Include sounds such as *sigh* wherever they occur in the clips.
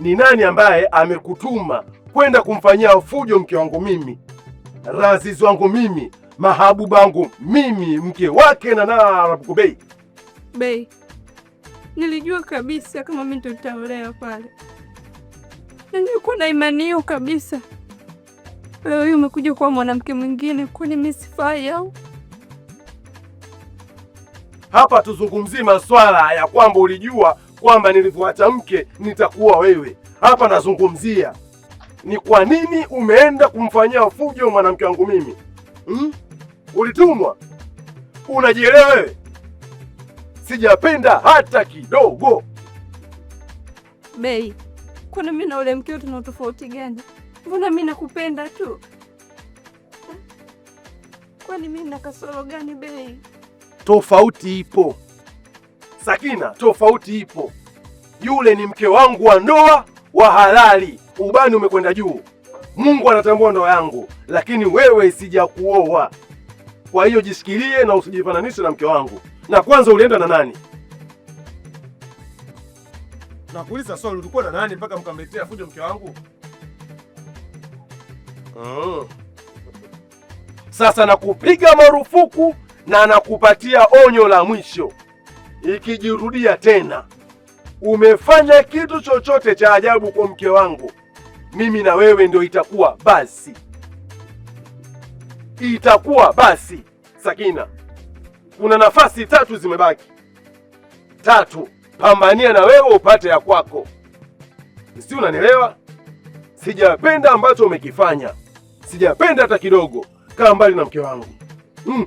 ni nani ambaye amekutuma kwenda kumfanyia fujo mke wangu mimi, Raziz wangu mimi, mahabuba wangu mimi, mke wake na Narabuku Kubei. Bei, nilijua kabisa kama mimi nitaolewa pale, nilikuwa na imani hiyo kabisa. Wewe hii umekuja kuwa mwanamke mwingine, kwani mimi sifai au? Hapa tuzungumzie maswala ya kwamba ulijua kwamba nilivyoacha mke nitakuwa wewe. Hapa nazungumzia ni kwa nini umeenda kumfanyia fujo mwanamke wangu mimi hmm? Ulitumwa? Unajielewa wewe? Sijapenda hata kidogo. Bei, kwani mimi na ule mkeo tuna tofauti gani? Mbona mimi nakupenda tu, kwani mimi na kasoro gani? Bei, tofauti ipo. Sakina, tofauti ipo. Yule ni mke wangu wa ndoa wa halali, ubani umekwenda juu, Mungu anatambua ndoa yangu, lakini wewe sijakuoa. Kwa hiyo jishikilie na usijifananishe na mke wangu. Na kwanza ulienda na nani? Nakuuliza swali, ulikuwa na nani mpaka mkamletea fujo mke wangu? Mm. Sasa nakupiga marufuku na nakupatia onyo la mwisho ikijirudia tena, umefanya kitu chochote cha ajabu kwa mke wangu, mimi na wewe ndio itakuwa basi, itakuwa basi. Sakina, kuna nafasi tatu zimebaki. Tatu, pambania na wewe upate ya kwako, si unanielewa? Sijapenda ambacho umekifanya, sijapenda hata kidogo. Kaa mbali na mke wangu mm.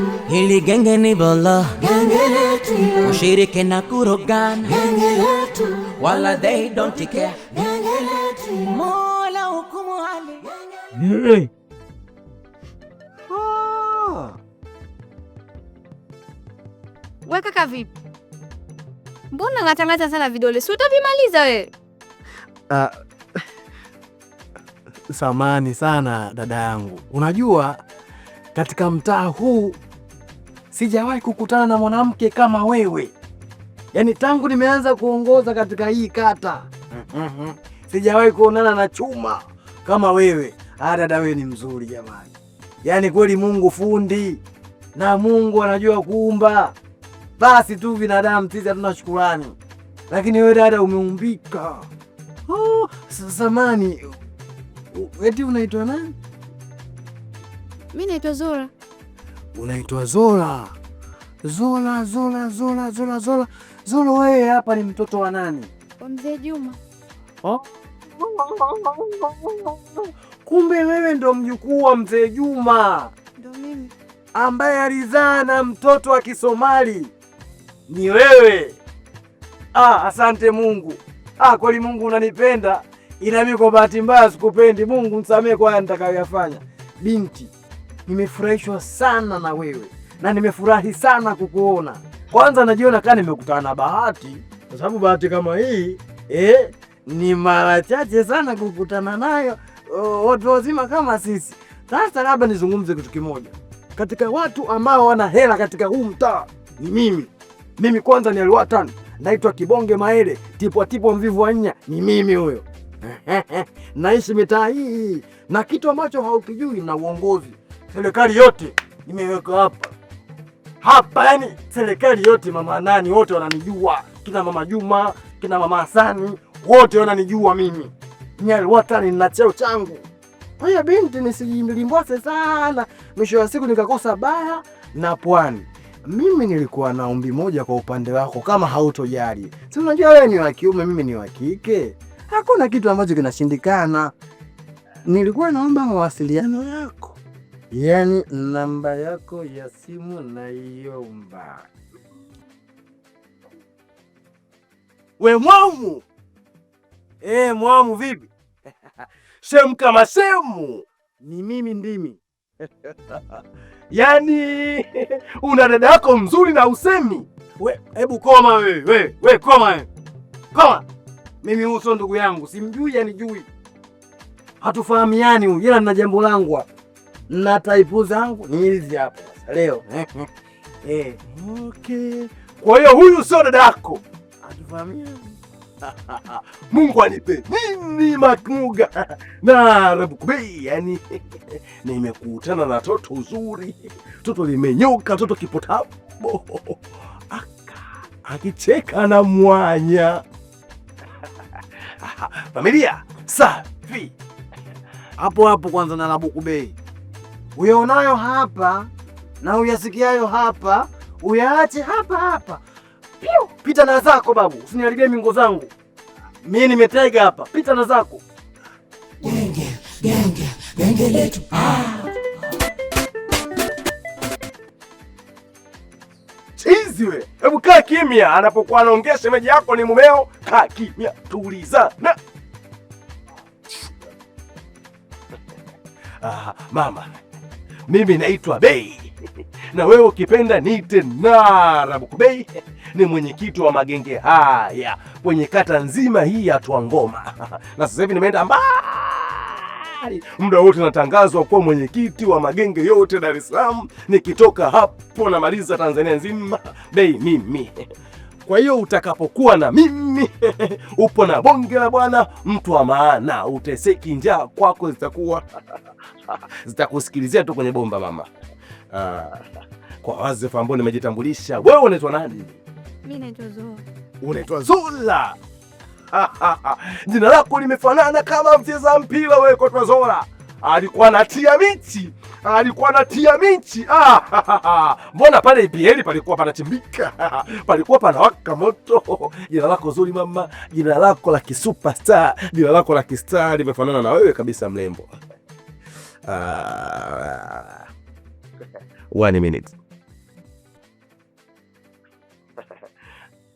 Hili genge ni bolo, genge letu, ushirike na kurogana, genge letu, wala they don't care, genge letu, Mola hukumu hali. genge ah. We kaka, vipi? Mbona ng'atang'ata sana vidole, si utavimaliza we? Uh, samani sana dada yangu, unajua katika mtaa huu sijawahi kukutana na mwanamke kama wewe, yaani tangu nimeanza kuongoza katika hii kata mm-hmm. sijawahi kuonana na chuma kama wewe. Adada, ah, wewe ni mzuri jamani, yaani kweli Mungu fundi na Mungu anajua kuumba. Basi tu binadamu sisi hatuna shukurani, lakini wewe dada umeumbika. Oh, samani, eti unaitwa nani? Mimi naitwa Zora unaitwa Zola. Zola, Zola, Zola, Zola, Zola, Zola, wewe hapa ni mtoto wa nani? mzee Juma. Oh. Kumbe wewe ndo mjukuu wa mzee Juma. Ndo mimi. Ambaye alizaa na mtoto wa Kisomali ni wewe. Ah, asante Mungu. Ah, kweli Mungu unanipenda, ila mimi kwa bahati mbaya sikupendi. Mungu msamehe kwa haya nitakayoyafanya, binti nimefurahishwa sana na wewe na nimefurahi sana kukuona. Kwanza najiona kama nimekutana na bahati, kwa sababu bahati kama hii eh, ni mara chache sana kukutana nayo watu wazima kama sisi. Sasa labda nizungumze kitu kimoja, katika watu ambao wana hela katika huu mtaa ni mimi. Mimi kwanza ni aliwatan, naitwa Kibonge Maele, tipwa tipwa mvivu wa nnya, ni mimi huyo. *laughs* Naishi mitaa hii na kitu ambacho haukijui na uongozi serikali yote imewekwa hapa hapa, yani serikali yote, mama nani wote wananijua, kina mama Juma, kina mama Hasani, wote wananijua mimi Nyaliwatani na cheo changu. Kwa hiyo binti, nisijilimbose sana, mwisho wa siku nikakosa baya na pwani. Mimi nilikuwa na ombi moja kwa upande wako, kama hautojali. Si unajua wewe ni wa kiume, mimi ni wa kike, hakuna kitu ambacho kinashindikana. Nilikuwa naomba mawasiliano yako Yani namba yako ya simu naiomba. We mwamu, e, mwamu vipi? semu kama semu, ni mimi ndimi *laughs* yani *laughs* una dada yako mzuri na usemi. Hebu koma we, we, we, koma we. Koma mimi uso ndugu yangu simjui, jui hatufahamiani huyu, ila nina jambo langu hapa na taipu zangu ni hizi hapa leo eh, eh. Okay. Kwa hiyo huyu sio dada yako, *laughs* Mungu anipe mimi Makmuga *laughs* na Rabukubei, yani *laughs* nimekutana na toto uzuri, toto limenyoka, toto kipotabo akicheka na mwanya familia safi hapo hapo kwanza na Rabukubei uyaonayo hapa na uyasikiayo hapa uyaache hapa hapa. Piu, pita na zako babu, usiniharibie mingo zangu. mi nimetega hapa, pita na zako. Genge genge genge letu chizi we, hebu kaa kimya. Anapokuwa anaongea shemeji yako ni mumeo, kaa kimya, na *laughs* Ah, mama mimi naitwa Bey *laughs* na wewe ukipenda niite Narabuku Bey. *laughs* Ni mwenyekiti wa magenge haya kwenye kata nzima hii ya Twangoma, *laughs* na sasa hivi nimeenda mbali, muda wote natangazwa kuwa mwenyekiti wa magenge yote Dar es Salaam. Nikitoka hapo namaliza Tanzania nzima. Bey mimi kwa hiyo utakapokuwa na mimi *laughs* upo na bonge la bwana, mtu wa maana, uteseki, njaa kwako zitakuwa *laughs* zitakusikilizia tu kwenye bomba mama. Ah, kwa wazefu ambao nimejitambulisha, wewe unaitwa nani? Mimi naitwa Zola. Unaitwa Zola? *laughs* jina lako limefanana kama mcheza mpira, wewe kwa Zola alikuwa anatia miti Ah, alikuwa anatia minchi. Ah, Mbona pale IPL palikuwa panachimbika, palikuwa panawaka moto. Jina lako zuri mama, jina lako la kisuperstar, jina lako la kistar limefanana na wewe kabisa mlembo. Ah, one minute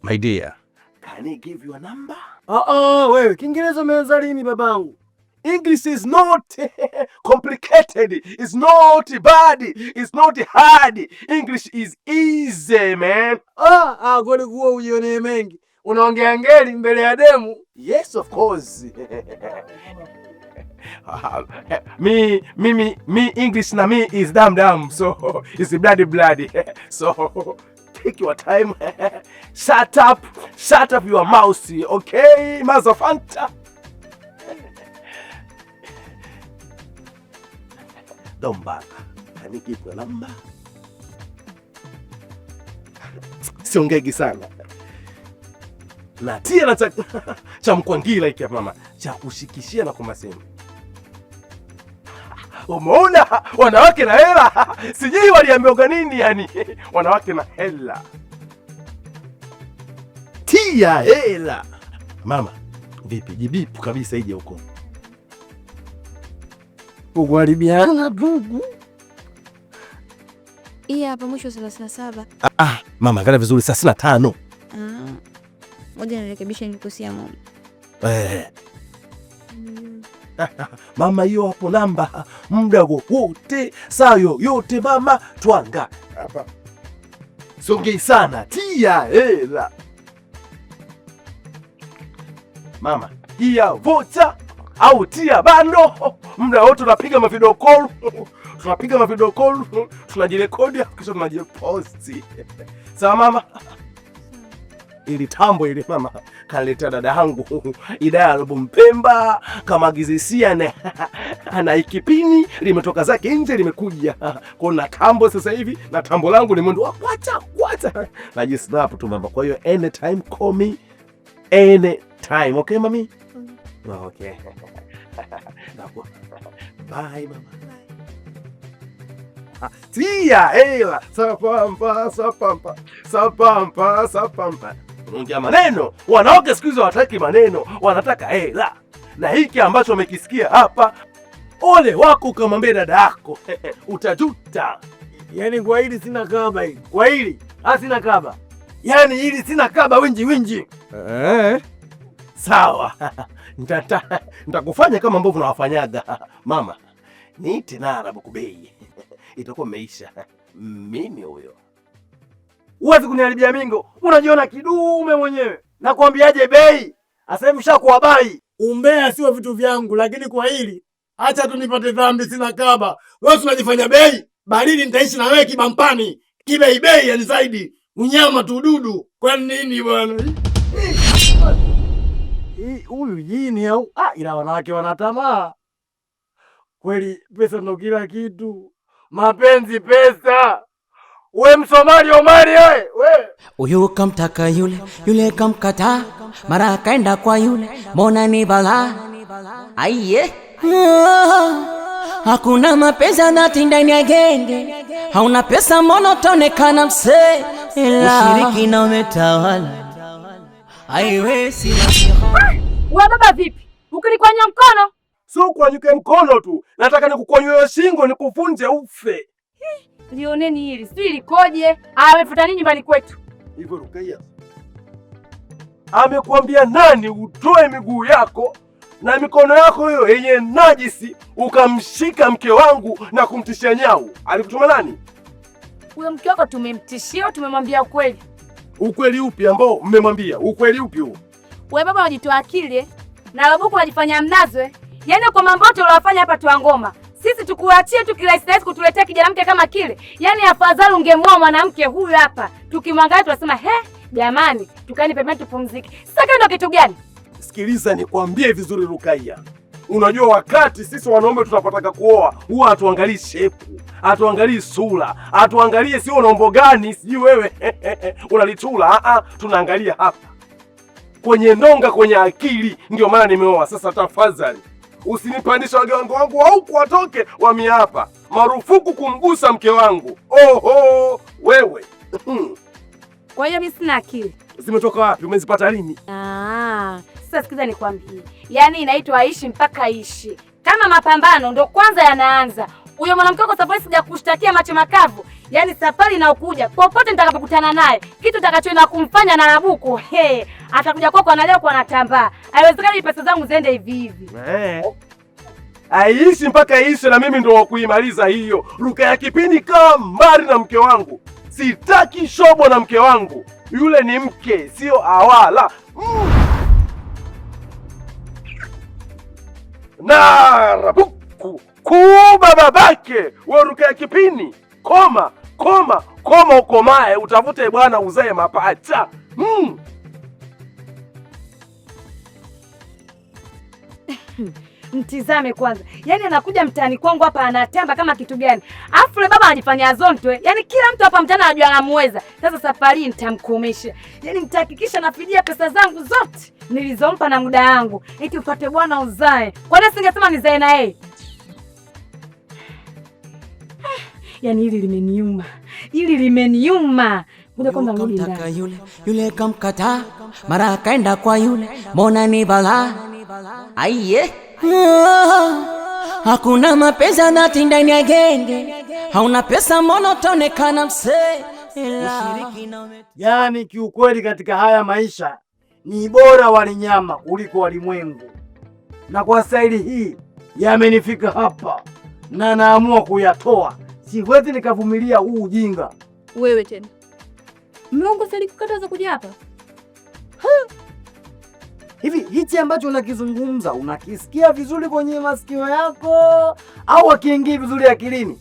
my dear, can I give you a number? Oh, oh, wewe Kiingereza umeanza lini babangu? English is not *laughs* complicated, it's not bad, it's not hard. English is easy man. Ah, ah, kweli kuwa ujione mengi. Unaongea ngeli mbele ya demu? Yes of course. *laughs* Me, me, me, me, English na me is dam dam, so *laughs* it's bloody bloody. So take your time. Shut up, shut up your mouth. okay? Mazofanta. Dombaka kanikitwa lamba siongegi sana na tena cha, *laughs* cha mkwangila iki mama cha kushikishia na kumasema. Umeona wanawake na hela, *laughs* sijui waliambiwa nini yani, *laughs* wanawake na hela, tia hela mama, vipi jibipu kabisa ije huko kuharibiana ndugu. Hii hapa mwisho thelathini na saba. Ah, mama angalia vizuri thelathini na tano. Ah, ngoja nirekebishe mama. Eh. *laughs* Mama, hiyo hapo namba muda wowote saa yoyote mama, twanga hapa. Songei sana, tia hela mama, hiya vocha au tia bando, muda wote tunapiga mavideo call, tunapiga mavideo call, tunajirekodi kisha tunajiposti. Sawa mama, ili tambo ili mama kaniletea dada yangu ya album Pemba kamagizisia na ikipini limetoka zake nje limekuja kwa na tambo sasa hivi na tambo langu limwendo kwata kwata najisnap tu mama. Kwa hiyo anytime call me anytime, okay mami. Ah, okay. *laughs* Bye, mama. Ah, tia, ewa, sapampa, sapampa, sapampa, sapampa. Unaongea maneno. Wanawake siku hizo hawataki maneno, wanataka hela. Na hiki ambacho umekisikia hapa, ole wako ukamwambia dada yako. *laughs* Utajuta. Yaani kwa hili sina kaba hili. Kwa hili, ah sina kaba. Yaani hili sina kaba winji winji. Eh. Sawa, *laughs* nitakufanya kama ambavyo unawafanyaga *laughs* mama. Niite Narabuku Kubei, *laughs* itakuwa meisha Mimi huyo, uwezi kuniharibia mingo. Unajiona kidume mwenyewe, nakwambiaje? Bei asemshakuwa bai. Umbea sio vitu vyangu, lakini kwa hili acha tu nipate dhambi, sina kaba. Wewe tunajifanya bei baridi, nitaishi na wewe kibampani, kibeibei, yani zaidi unyama tu dudu. Kwa nini bwana? huyu jini au ah, ila wanawake wanatamaa kweli, pesa ndo kila kitu, mapenzi pesa. We Msomali Omari we, we. Uyu kamtaka yule yule kamkata mara kaenda kwa yule, mbona ni bala aiye ah, Hakuna mapenzi anatinda ni agenge, hauna pesa mbona mse, ushiriki na umetawala, haiwezi wewe baba vipi? Ukinikwanya mkono? Sio kwanyuke mkono tu. Nataka nikukwanye shingo nikuvunje ufe. Lioneni hili, si likoje? Ah, amefuta nini nyumbani kwetu? Hivyo Rukaiya. Amekwambia nani utoe miguu yako na mikono yako hiyo yenye najisi ukamshika mke wangu na kumtishia nyau. Alikutuma nani? Huyo mke wako tumemtishia, tumemwambia ukweli. Ukweli upi ambao mmemwambia? Ukweli upi huo? Wewe baba unajitoa akili na wabuku wajifanya mnazwe. Yaani kwa mambo yote uliyofanya hapa Tuangoma, sisi tukuachie tu kirahisi rahisi kutuletea kijana mke kama kile. Yaani afadhali ungemwoa mwanamke huyu hapa. Tukimwangalia tunasema he, jamani, tukani pembeni tupumzike. Sasa kando kitu gani? Sikiliza nikwambie vizuri Rukaiya. Unajua, wakati sisi wanaume tunapotaka kuoa huwa hatuangalii shepu, hatuangalii sura, hatuangalie si una umbo gani, sijui wewe *laughs* unalitula. Ah, ah, tunaangalia hapa kwenye ndonga, kwenye akili, ndio maana nimeoa. Sasa tafadhali usinipandisha wagango wangu wauku watoke wamiapa marufuku kumgusa mke wangu. Oho wewe *clears throat* kwa hiyo mimi sina akili. Zimetoka wapi? Umezipata lini? Ah, sasa sikiza nikwambie, yaani inaitwa aishi mpaka ishi. Kama mapambano ndo kwanza yanaanza, huyo mwanamke wako safari sijakushtakia macho makavu, Yaani safari inayokuja popote nitakapokutana naye, kitu nitakachoenda kumfanya na Rabuku, he, atakuja kwako analea kwa anatambaa. Haiwezekani pesa zangu ziende hivi hivi. Eh, Aishi mpaka iishe na mimi ndo wa kuimaliza hiyo. Ruka ya kipindi kaa mbali na mke wangu. Sitaki shobo na mke wangu. Yule ni mke, sio awala. Mm. Na Rabuku kuba babake wa Ruka ya kipindi koma koma koma, ukomae utafute bwana uzae mapacha mm. *laughs* Mtizame kwanza, yani anakuja mtaani kwangu hapa anatamba kama kitu gani? Alafu yule baba anajifanya Azontwe, yani kila mtu hapa mtaani anajua anamweza. Sasa safari hii nitamkomesha, yani nitahakikisha nafidia pesa zangu zote nilizompa na muda wangu, eti ufate bwana uzae. Kwani singesema nizae na yeye? yani hili limeniuma, hili limeniuma. Kamtaka yule yule, kamkata mara akaenda kwa yule, mbona ni bala aiye. Ah, hakuna mapenzi anatinda ni agenge, hauna pesa mbona utaonekana msee. Yani kiukweli katika haya maisha ni bora walinyama kuliko walimwengu, na kwa staili hii yamenifika hapa na naamua kuyatoa siwezi nikavumilia huu ujinga. Wewe tena Mungu silikukataza kuja hapa hivi. Hichi ambacho unakizungumza unakisikia vizuri kwenye masikio yako au akiingii vizuri akilini?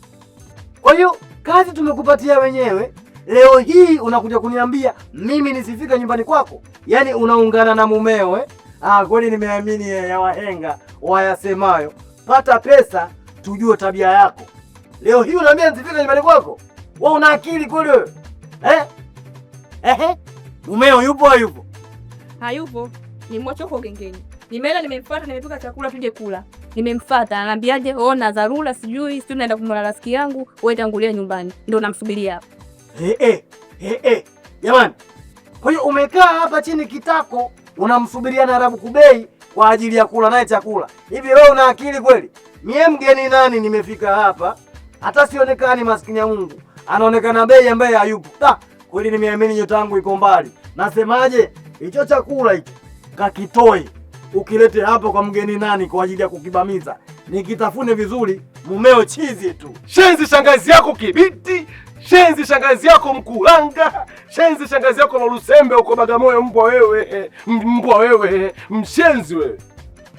Kwa hiyo kazi tumekupatia wenyewe, leo hii unakuja kuniambia mimi nisifika nyumbani kwako? Yaani unaungana na mumeo eh? Ah, kweli nimeamini eh, ya wahenga wayasemayo, pata pesa tujue tabia yako. Leo hii unaambia nisifike nyumbani kwako? Wewe una akili kweli wewe? Eh? Eh? Mumeo yupo yupo? Hayupo. Nimwache huko gengeni. Nimeenda nimemfuata, nimepika chakula tuje kula. Nimemfuata, ananiambiaje, ona oh, dharura sijui, sijui naenda kumwona rafiki yangu, wewe tangulia nyumbani. Ndio namsubiria hapa. Eh eh. Eh eh. Jamani. Kwa hiyo umekaa hapa chini kitako unamsubiria na Rabu Kubei kwa ajili ya kula naye chakula. Hivi wewe una akili kweli? Mie mgeni nani nimefika hapa? hata sionekani, maskini ya Mungu anaonekana bei ambaye hayupo. Ta kweli nimeamini nyota yangu iko mbali. Nasemaje, hicho chakula hicho kakitoe, ukilete hapa kwa mgeni nani kwa ajili ya kukibamiza, nikitafune vizuri, mumeo chizi tu. Shenzi shangazi yako kibiti, shenzi shangazi yako mkulanga, shenzi shangazi yako na lusembe uko Bagamoyo. Mbwa wewe, mbwa wewe, mshenzi wewe.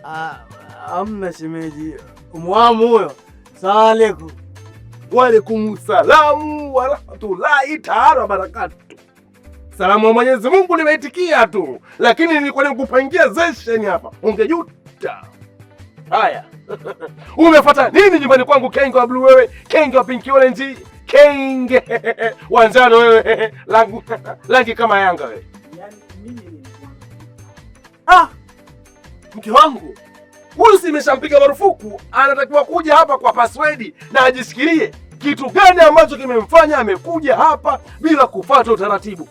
Ah, amna shemeji, umwamu huyo. Salaam aleikum. Waalaikum salamu wa taala wabarakatu. Salamu ya Mwenyezi Mungu nimeitikia tu, lakini nilikuwa nikupangia zesheni hapa, ungejuta. Haya, *laughs* umefata nini nyumbani kwangu? Kenge wa bluu wewe, kenge wa pinki orenji, kenge *laughs* wa njano wewe, *laughs* langi, kama Yanga wewe. Yani, mimi ah, mke wangu huyu si imeshampiga marufuku, anatakiwa kuja hapa kwa password na ajisikirie kitu gani ambacho kimemfanya amekuja hapa bila kufuata utaratibu.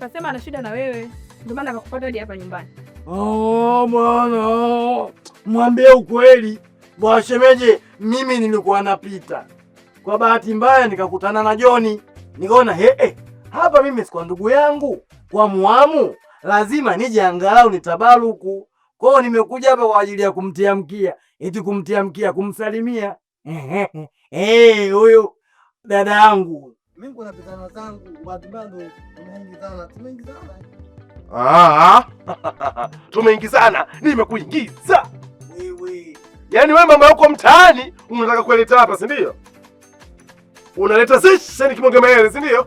Kasema ana shida na wewe, ndio maana akakufuata hadi hapa nyumbani. Oh, mwana mwambie ukweli bwana mimi nilikuwa napita kwa bahati mbaya nikakutana na Joni, nikaona he, he, hapa mimi sikwa ndugu yangu, kwa muamu lazima nije angalau nitabaruku kwa hiyo nimekuja hapa kwa ajili ya kumtia mkia, eti kumtia mkia, kumsalimia *laughs* eh, huyu dada yangu. Ah, ah. *laughs* Tumeingizana, nimekuingiza wewe. Yaani wewe mama yako mtaani unataka kuleta hapa, si ndio? Unaleta sesheni kimonge maele, si ndio?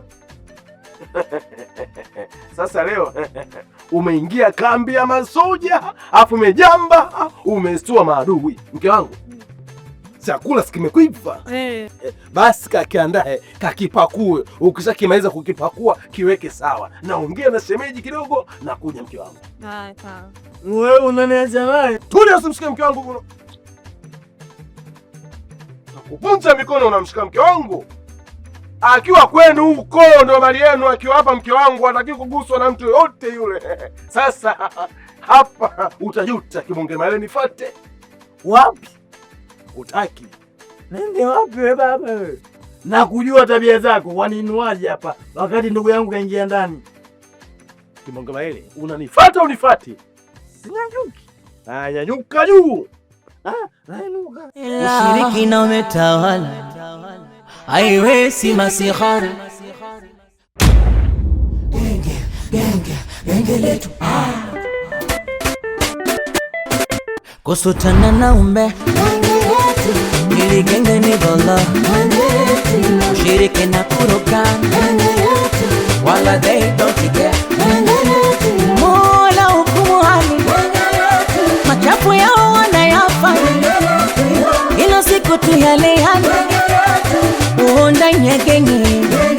*laughs* Sasa leo umeingia kambi ya masoja afu umejamba umestua maadui. Mke wangu chakula sikimekuiva eh. eh, Basi kakiandae eh, kakipakue, ukishakimaliza kukipakua kiweke sawa, naongea na shemeji kidogo na kuja. Mke wangu wewe unaniacha naye tuli, usimshike mke wangu, nakupunja mikono, unamshika mke wangu akiwa kwenu huko ndo mali yenu, akiwa hapa mke wangu hataki kuguswa na mtu yoyote yule. *laughs* Sasa *laughs* hapa utajuta kibonge mali, nifate wapi? Utaki nende wapi we baba we? na kujua tabia zako waninuaje hapa wakati ndugu yangu kaingia ndani. Kibonge mali, unanifata unifate? Sinyanyuki. Nyanyuka juu, ah, ushiriki na umetawala aiwe si masihari genge genge genge letu kusutana na umbe ili genge ni bala shiriki na kuruka wala they don't get Mola hukumu hali machafu yao wanayafanya, ila siku tu yale yale 本来にゃけに